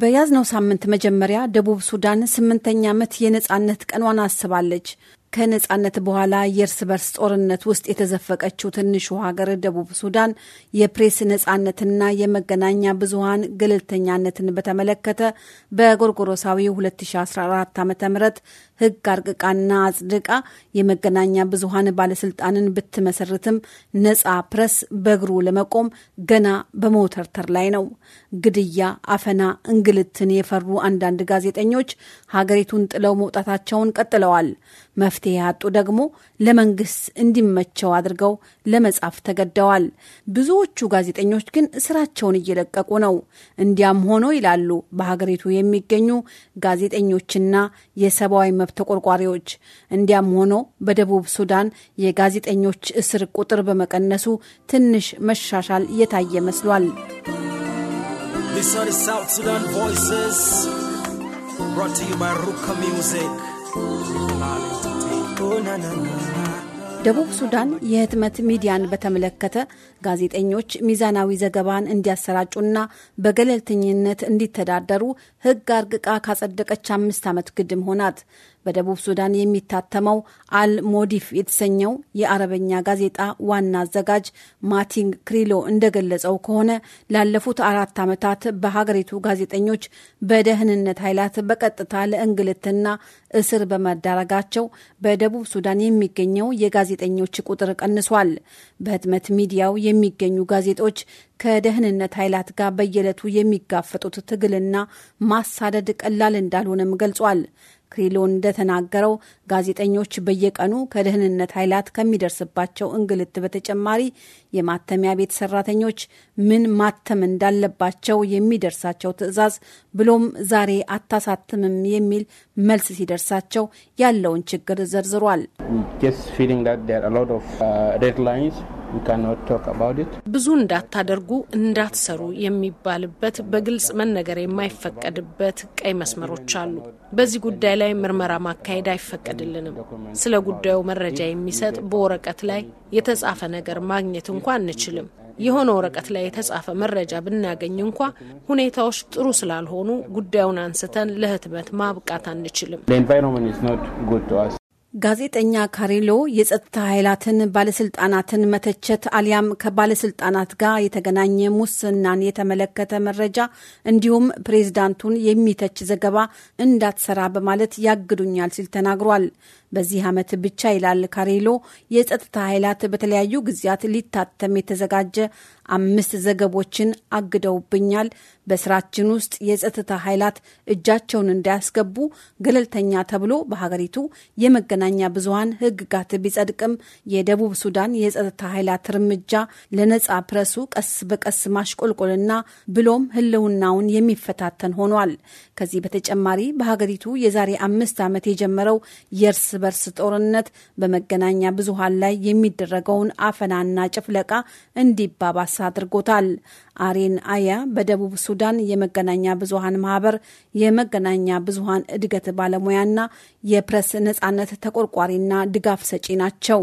በያዝነው ሳምንት መጀመሪያ ደቡብ ሱዳን ስምንተኛ ዓመት የነጻነት ቀኗን አስባለች። ከነጻነት በኋላ የእርስ በርስ ጦርነት ውስጥ የተዘፈቀችው ትንሹ ሀገር ደቡብ ሱዳን የፕሬስ ነጻነትና የመገናኛ ብዙሀን ገለልተኛነትን በተመለከተ በጎርጎሮሳዊ 2014 ዓ ም ህግ አርቅቃና አጽድቃ የመገናኛ ብዙሀን ባለስልጣንን ብትመሰርትም ነጻ ፕረስ በእግሩ ለመቆም ገና በሞተርተር ላይ ነው። ግድያ፣ አፈና፣ እንግልትን የፈሩ አንዳንድ ጋዜጠኞች ሀገሪቱን ጥለው መውጣታቸውን ቀጥለዋል። መፍትሄ ያጡ ደግሞ ለመንግስት እንዲመቸው አድርገው ለመጻፍ ተገደዋል። ብዙዎቹ ጋዜጠኞች ግን ስራቸውን እየለቀቁ ነው። እንዲያም ሆኖ ይላሉ በሀገሪቱ የሚገኙ ጋዜጠኞችና የሰብአዊ መብት ተቆርቋሪዎች፣ እንዲያም ሆኖ በደቡብ ሱዳን የጋዜጠኞች እስር ቁጥር በመቀነሱ ትንሽ መሻሻል የታየ መስሏል። brought to you by Ruka Music. ደቡብ ሱዳን የህትመት ሚዲያን በተመለከተ ጋዜጠኞች ሚዛናዊ ዘገባን እንዲያሰራጩና በገለልተኝነት እንዲተዳደሩ ህግ አርቅቃ ካጸደቀች አምስት ዓመት ግድም ሆናት። በደቡብ ሱዳን የሚታተመው አልሞዲፍ የተሰኘው የአረበኛ ጋዜጣ ዋና አዘጋጅ ማቲንግ ክሪሎ እንደገለጸው ከሆነ ላለፉት አራት ዓመታት በሀገሪቱ ጋዜጠኞች በደህንነት ኃይላት በቀጥታ ለእንግልትና እስር በመዳረጋቸው በደቡብ ሱዳን የሚገኘው የጋዜጠኞች ቁጥር ቀንሷል። በህትመት ሚዲያው የሚገኙ ጋዜጦች ከደህንነት ኃይላት ጋር በየዕለቱ የሚጋፈጡት ትግልና ማሳደድ ቀላል እንዳልሆነም ገልጿል። ክሪሎን እንደተናገረው ጋዜጠኞች በየቀኑ ከደህንነት ኃይላት ከሚደርስባቸው እንግልት በተጨማሪ የማተሚያ ቤት ሰራተኞች ምን ማተም እንዳለባቸው የሚደርሳቸው ትዕዛዝ ብሎም ዛሬ አታሳትምም የሚል መልስ ሲደርሳቸው ያለውን ችግር ዘርዝሯል። ብዙ እንዳታደርጉ እንዳትሰሩ የሚባልበት በግልጽ መነገር የማይፈቀድበት ቀይ መስመሮች አሉ። በዚህ ጉዳይ ላይ ምርመራ ማካሄድ አይፈቀድልንም። ስለ ጉዳዩ መረጃ የሚሰጥ በወረቀት ላይ የተጻፈ ነገር ማግኘት እንኳ አንችልም። የሆነ ወረቀት ላይ የተጻፈ መረጃ ብናገኝ እንኳ ሁኔታዎች ጥሩ ስላልሆኑ ጉዳዩን አንስተን ለህትመት ማብቃት አንችልም። ጋዜጠኛ ካሬሎ የጸጥታ ኃይላትን ባለስልጣናትን መተቸት አሊያም ከባለስልጣናት ጋር የተገናኘ ሙስናን የተመለከተ መረጃ እንዲሁም ፕሬዝዳንቱን የሚተች ዘገባ እንዳትሰራ በማለት ያግዱኛል ሲል ተናግሯል። በዚህ ዓመት ብቻ ይላል ካሬሎ የጸጥታ ኃይላት በተለያዩ ጊዜያት ሊታተም የተዘጋጀ አምስት ዘገቦችን አግደውብኛል። በስራችን ውስጥ የጸጥታ ኃይላት እጃቸውን እንዳያስገቡ ገለልተኛ ተብሎ በሀገሪቱ የመገናኛ ብዙኃን ሕግጋት ቢጸድቅም የደቡብ ሱዳን የጸጥታ ኃይላት እርምጃ ለነጻ ፕረሱ ቀስ በቀስ ማሽቆልቆልና ብሎም ህልውናውን የሚፈታተን ሆኗል። ከዚህ በተጨማሪ በሀገሪቱ የዛሬ አምስት ዓመት የጀመረው የእርስ በርስ ጦርነት በመገናኛ ብዙሃን ላይ የሚደረገውን አፈናና ጭፍለቃ እንዲባባስ አድርጎታል። አሬን አያ በደቡብ ሱዳን የመገናኛ ብዙሃን ማህበር የመገናኛ ብዙሃን እድገት ባለሙያና የፕሬስ ነጻነት ተቆርቋሪና ድጋፍ ሰጪ ናቸው።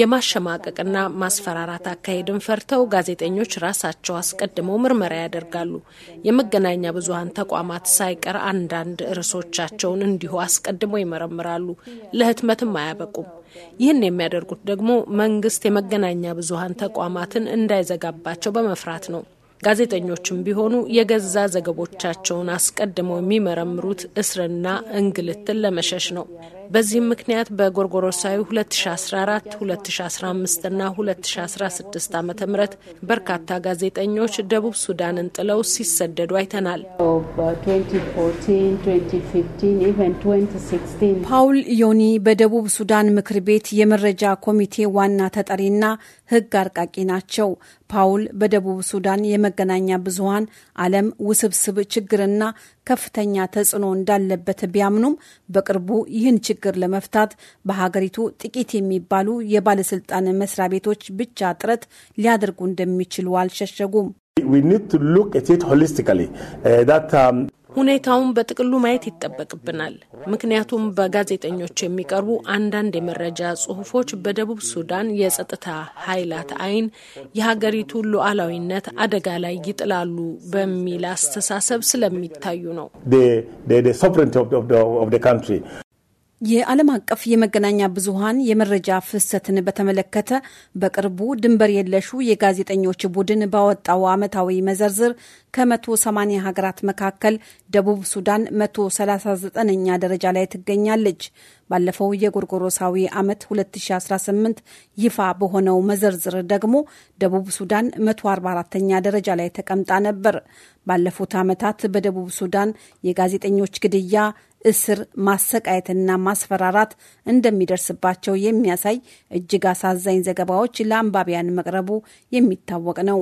የማሸማቀቅና ማስፈራራት አካሄድን ፈርተው ጋዜጠኞች ራሳቸው አስቀድመው ምርመራ ያደርጋሉ። የመገናኛ ብዙሃን ተቋማት ሳይቀር አንዳንድ ርዕሶቻቸው ልጆቻቸውን እንዲሁ አስቀድመው ይመረምራሉ፣ ለህትመትም አያበቁም። ይህን የሚያደርጉት ደግሞ መንግስት የመገናኛ ብዙሀን ተቋማትን እንዳይዘጋባቸው በመፍራት ነው። ጋዜጠኞችም ቢሆኑ የገዛ ዘገቦቻቸውን አስቀድመው የሚመረምሩት እስርና እንግልትን ለመሸሽ ነው። በዚህም ምክንያት በጎርጎሮሳዊ 2014 2015 እና 2016 ዓ ም በርካታ ጋዜጠኞች ደቡብ ሱዳንን ጥለው ሲሰደዱ አይተናል። ፓውል ዮኒ በደቡብ ሱዳን ምክር ቤት የመረጃ ኮሚቴ ዋና ተጠሪና ሕግ አርቃቂ ናቸው። ፓውል በደቡብ ሱዳን የመገናኛ ብዙሃን ዓለም ውስብስብ ችግርና ከፍተኛ ተጽዕኖ እንዳለበት ቢያምኑም በቅርቡ ይህን ችግር ለመፍታት በሀገሪቱ ጥቂት የሚባሉ የባለስልጣን መስሪያ ቤቶች ብቻ ጥረት ሊያደርጉ እንደሚችሉ አልሸሸጉም። Uh, um, ሁኔታውን በጥቅሉ ማየት ይጠበቅብናል። ምክንያቱም በጋዜጠኞች የሚቀርቡ አንዳንድ የመረጃ ጽሁፎች በደቡብ ሱዳን የጸጥታ ኃይላት አይን የሀገሪቱ ሉዓላዊነት አደጋ ላይ ይጥላሉ በሚል አስተሳሰብ ስለሚታዩ ነው። የዓለም አቀፍ የመገናኛ ብዙሃን የመረጃ ፍሰትን በተመለከተ በቅርቡ ድንበር የለሹ የጋዜጠኞች ቡድን ባወጣው ዓመታዊ መዘርዝር ከ180 ሀገራት መካከል ደቡብ ሱዳን 139ኛ ደረጃ ላይ ትገኛለች። ባለፈው የጎርጎሮሳዊ ዓመት 2018 ይፋ በሆነው መዘርዝር ደግሞ ደቡብ ሱዳን 144ኛ ደረጃ ላይ ተቀምጣ ነበር። ባለፉት ዓመታት በደቡብ ሱዳን የጋዜጠኞች ግድያ፣ እስር፣ ማሰቃየትና ማስፈራራት እንደሚደርስባቸው የሚያሳይ እጅግ አሳዛኝ ዘገባዎች ለአንባቢያን መቅረቡ የሚታወቅ ነው።